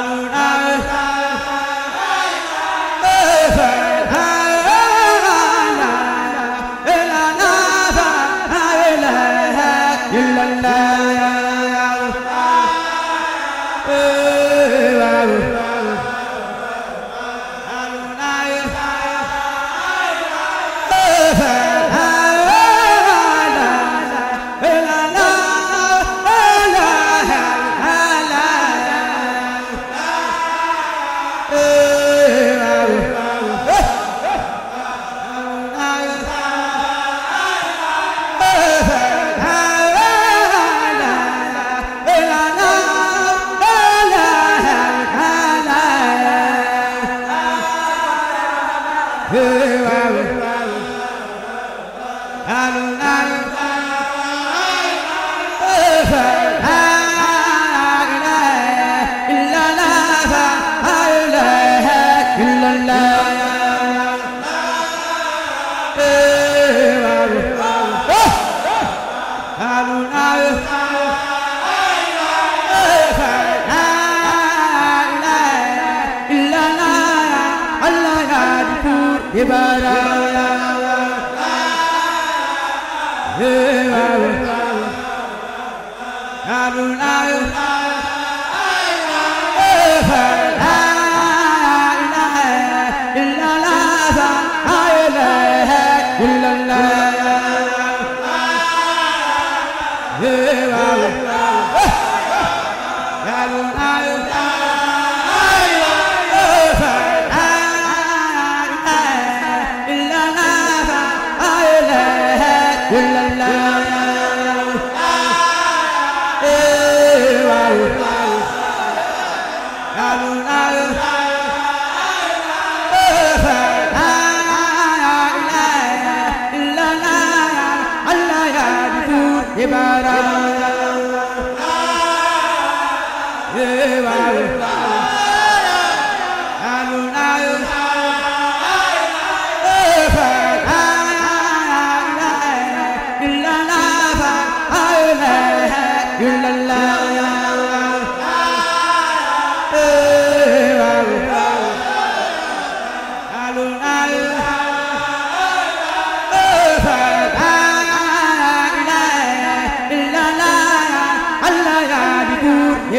la be Ibadah Ibarat, Ibarat.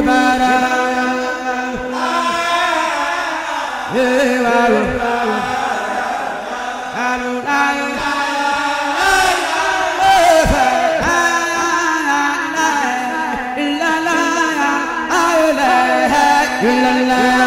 la la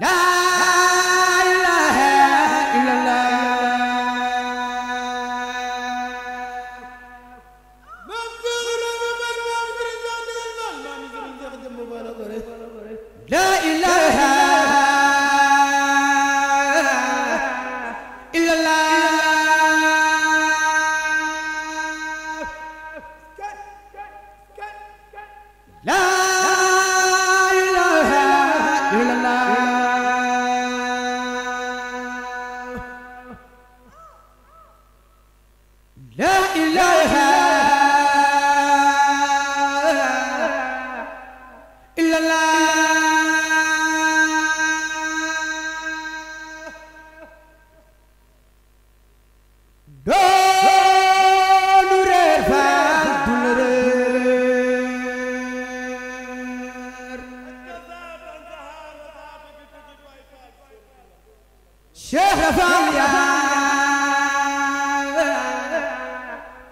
la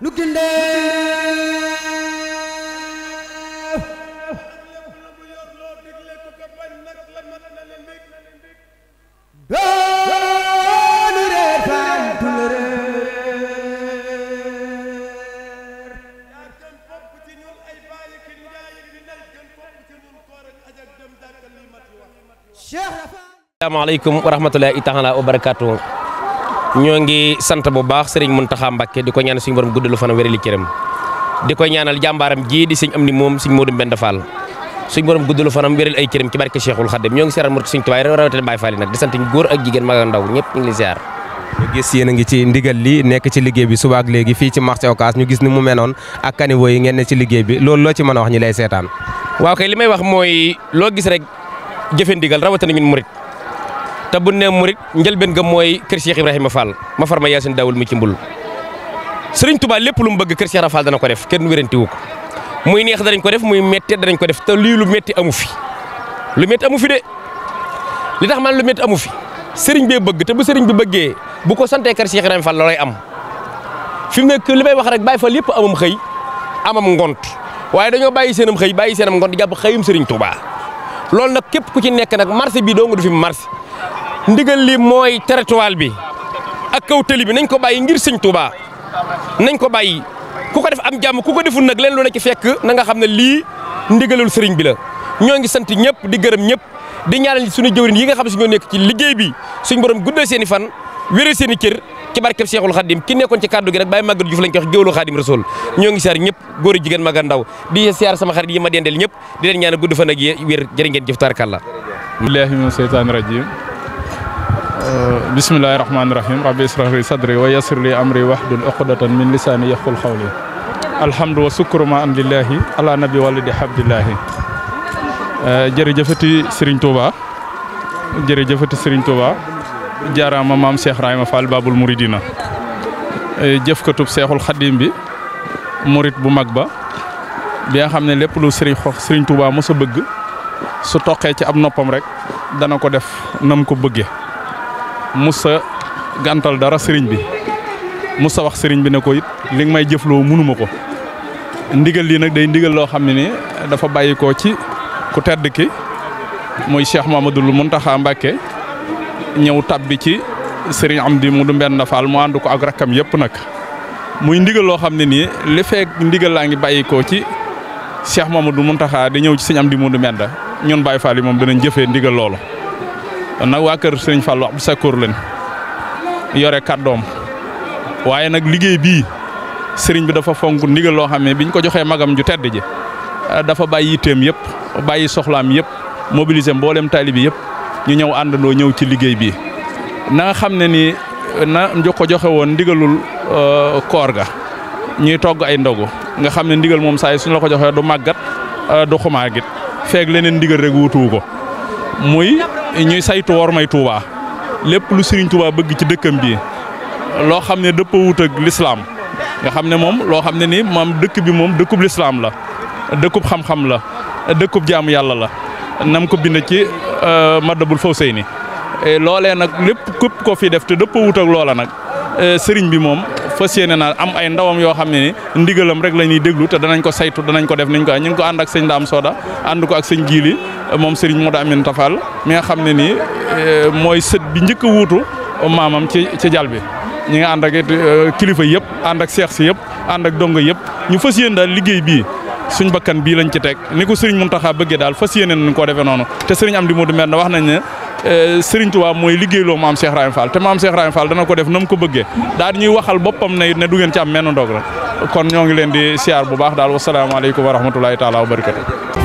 nu gindeef doonu reer faan dul reer asalaamaaleykum wa rahmatulahi taala wa barakaatu ñoo ngi sant bu baax sëriñ Mountakha Mbacké di ko ñaan suñu borom guddalu fanam wérali cëram di ko ñaanal jàmbaaram jii di am ni moom sëñ Modou Mbend Fall suñu borom guddalu fanam wérali ay cëram ci barke Cheikhul Khadim ñoo ngi seeral murti suñ tubaay rawatina Baye Fall nag di sant góor ak jigéen mag ndaw ñëpp ñu gis yéen ngi ci ndigal li nekk ci liggéey bi suba ak léegi fii ci marché Ocass ñu gis ni mu menoon ak caniveau yi ngeen bi loolu loo ci mën a te bu ne murit njëlbeen ga mooy kër Cheikh Ibrahima Fall ma far ma yaasin daawul mu ci mbul sëriñ Touba lépp lu mu bëgg kër Cheikh Fall dana ko def kenn wérantiwu ko muy neex danañ ko def muy métti danañ ko def te lii lu metti amu fi lu métti amu fi de li tax man lu métti amu fi sëriñ bee bëgg te bu sëriñ bi bëggee bu ko santee kër Cheikh Ibrahima Fall am fi mu nekk li may wax rek bàyyi fa lépp amam xëy amam ngont waaye dañoo bàyyi seenam xëy bàyyi seenam ngont jàpp xëyum sëriñ Touba loolu nag képp ku ci nekk nag marché bi doo nga du marché ndigal lii mooy territoire bi ak kaw tëli bi nañ ko bàyyi ngir sëñ Tuubaa nañ ko bàyyi ku ko def am jàmm ku ko deful nag leen lu nekk fekk na nga xam ne lii ndigalul sëriñ bi la ñoo ngi sant ñëpp di gërëm ñëpp di ñaanal suñu jëwriñ yi nga xam si nekk ci liggéey bi suñ borom guddal seen i fan wéral seen i cër ci kàddu gi rek bàyyi màggat Juuf lañ ko wax géwlu ndaw sama xarit yi ma dendeel ñëpp di gudd fan ak wér jërë ngeen jëf taarkàlla billahi min seytaani Euh, bismillahi rahmaani rahim rabbi israh li sadri wa yassir li amri wahdul uqdatan min lisaani yafqul xawli alhamdu wa sukru am lillahi ala nabi walidi habdillahi euh, jërëjëfati Serigne Touba jërëjëfati Serigne Touba jaaraama maam Cheikh Rahima Fall Babul Mouridina euh, jëfkatub Seexul Xadim bi murit bu mag ba bi nga xam ne lépp lu Serigne xox Serigne Touba mos bëgg su toqee ci ab noppam rek dana ko def nam ko bëggee. musa gàntal dara sëriñ bi mu sa wax sëriñ bi ne ko it li may jëfloo mënuma ko ndigal lii nag day ndigal loo xam ne ni dafa bàyyi ko ci ku tedd ki muy Cheikh Mamadou Mountakha Mbacké ñëw tab bi ci sëriñ Amdi Modou Mbenda Fall mu ànd ko ak rakkam yëpp nag muy ndigal loo xam ne nii li feek ndigal laa ngi bàyyi ko ci Cheikh Mamadou Mountakha di ñëw ci sëriñ Amdi Modou Mbenda ñun Baye Fall yi moom danañ jëfee ndigal loolu kon nag waa kër Serigne bu sa Sakkour leen yore kàddoom waaye nag liggéey bii sëriñ bi dafa fonk ndigal loo xam ne biñ ko joxee magam ju tedd ji eh, dafa bàyyi yitteem yëpp bàyyi soxlaam yëpp mobiliser mboolem taalibi yëpp ñu ñëw àndandoo ñëw ci liggéey bii. na xam ne nii na ko joxe woon ndigalul eh, koor ga ñuy togg ay ndogu nga xam ne ndigal moom saa yi suñu la ko joxee du màggat eh, du xumaagit feeg leen ndigal rek wutuwu ko muy. ñuy saytu wor may Touba lépp lu Serigne Touba bëgg ci dëkkam bi loo xam ne dëppawut ak lislaam nga xam ne moom loo xam ne ni maam dëkk bi moom dëkkub lislaam la dëkkub xam-xam la dëkkub jaamu yàlla la nam ko bind ci euh, Madabul Fawsayni loolee nag lépp képp ko fi def te dëpp ak loola nag euh, sëriñ bi moom fas yéene naa am ay ndawam yoo xam ne ni ndigalam rek la ñuy déglu te danañ ko saytu danañ ko def niñ ko ñu ngi ko ànd ak sëñ Daam Soda ànd ko ak sëñ Jiili moom Serigne Modou Aminta Fall mi nga xam ne nii eh, mooy sët bi njëkk a wuutu maamam ci ci jal bi. ñi nga ànd ak eh, kilifa yëpp ànd ak seex si yëpp ànd ak dongo yëpp ñu fas yéene daal liggéey bii suñ bakkan bii lañ ci teg ni ko Serigne Mountakha bëggee daal fas yéene nañ koo defee noonu te am Serigne Amdi Modou Mbène wax nañ ne. Eh, tu waa mooy liggéeyloo maam am Rahim Fall te maam Cheikh Rahim Fall dana ko def na mu ko bëggee daal ñuy waxal boppam ne ne du ngeen ci am menn ndog la kon ñoo ngi leen di siyaar bu baax daal wasalaamaaleykum wa rahmatulahi taala wa barakatu